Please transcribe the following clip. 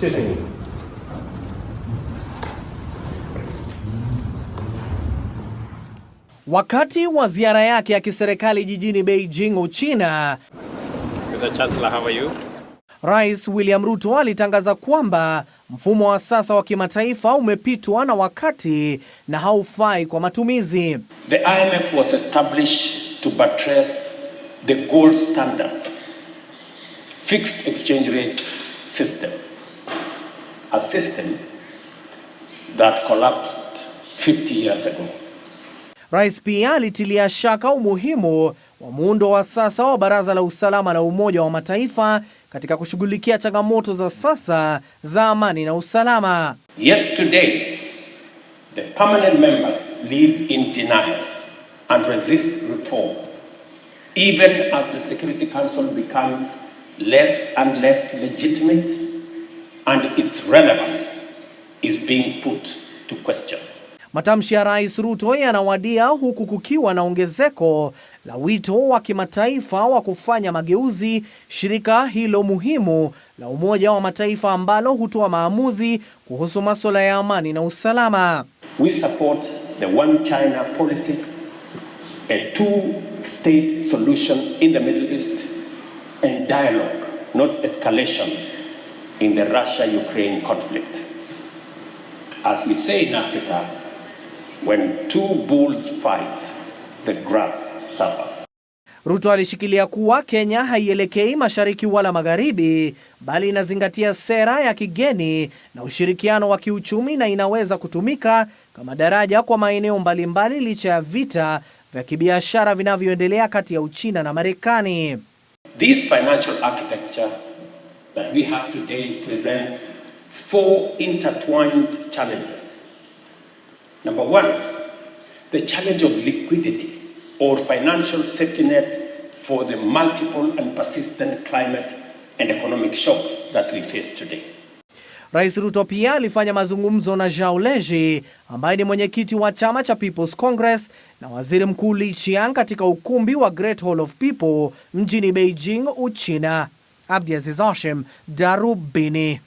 谢谢你。Wakati wa ziara yake ya kiserikali jijini Beijing, Uchina, Rais William Ruto alitangaza kwamba mfumo wa sasa wa kimataifa umepitwa na wakati na haufai kwa matumizi. The IMF was established to buttress the gold standard fixed exchange rate system a system that collapsed 50 years ago. Rais pia alitilia shaka umuhimu wa muundo wa sasa wa Baraza la Usalama la Umoja wa Mataifa katika kushughulikia changamoto za sasa za amani na usalama. Yet today, the permanent members live in denial and resist reform, even as the Security Council becomes less and less legitimate and its relevance is being put to question. Matamshi ya Rais Ruto yanawadia huku kukiwa na ongezeko la wito wa kimataifa wa kufanya mageuzi shirika hilo muhimu la Umoja wa Mataifa ambalo hutoa maamuzi kuhusu masuala ya amani na usalama. We support the one China policy, a two state solution in the Middle East and dialogue, not escalation in the Russia-Ukraine conflict. As we say in Africa, when two bulls fight, the grass suffers. Ruto alishikilia kuwa Kenya haielekei mashariki wala magharibi bali inazingatia sera ya kigeni na ushirikiano wa kiuchumi na inaweza kutumika kama daraja kwa maeneo mbalimbali licha ya vita vya kibiashara vinavyoendelea kati ya Uchina na Marekani. This financial architecture that we have today presents four intertwined challenges. Number one, the challenge of liquidity or financial safety net for the multiple and persistent climate and economic shocks that we face today. Rais Ruto pia alifanya mazungumzo na Zhao Leji ambaye ni mwenyekiti wa chama cha People's Congress na Waziri Mkuu Li Qiang katika ukumbi wa Great Hall of People mjini Beijing, Uchina. ابدی از هاشم دارو بینی